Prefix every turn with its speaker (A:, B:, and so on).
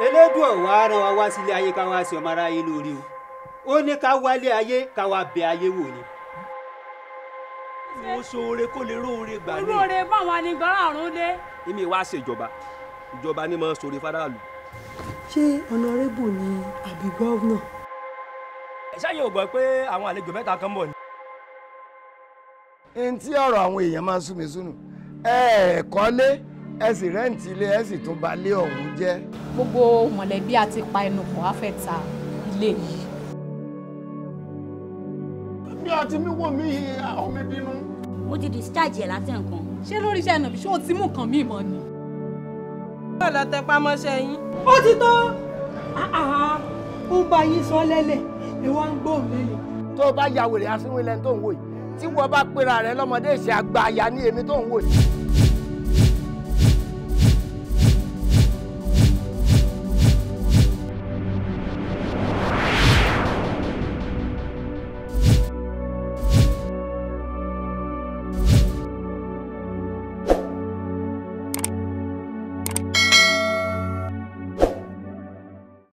A: elédùn ọ̀wá rán wa wá sílé ayé ká wá sí ọmọ aráyé o ó ní ká wálé ayé
B: ká wá bẹ ayé wò ni. mo ṣoore
C: kó lè róore gbà ní.
B: olóore
D: báwọn anigbọ́n àrùn dé.
B: èmi wá ṣèjọba ìjọba ni mo ṣoore
D: ṣé ọ̀nàrẹ́bù ni àbí gọ́vnà.
C: ṣáyẹ̀ ò gbọ́ pé àwọn àlejò mẹ́ta kan bọ̀ ni.
E: n tí ọ̀rọ̀ àwọn èèyàn máa ń ẹ sì rẹ́ǹtì ilé ẹ sì tún ba lé ọ̀hún jẹ́.
F: gbogbo mọ̀lẹ́bí àti pa ẹnu pọ̀ á fẹ́ ta ilé yìí.
D: bí a ti mí wò mí àwọn mi bínú. ó ti discharge ẹ̀ láti nǹkan. ṣé lórí iṣẹ́ ìnàbí ṣé o ti mú nǹkan míì mọ́ ni. bẹ́ẹ̀ lọ tẹ pamọ́ṣẹ́ yín. ó ti tán ah, ah, ah. ó ń bá yín sọ lẹ́lẹ̀ ẹ wá ń gbóhùn lẹ́lẹ̀.
G: tó o bá ya wèrè asínwó ilẹ̀ tó ń wò yìí tí wọ́n bá pera rẹ lọ́mọdé ìṣe àgbà àyà ní èmi tó ń wò yìí.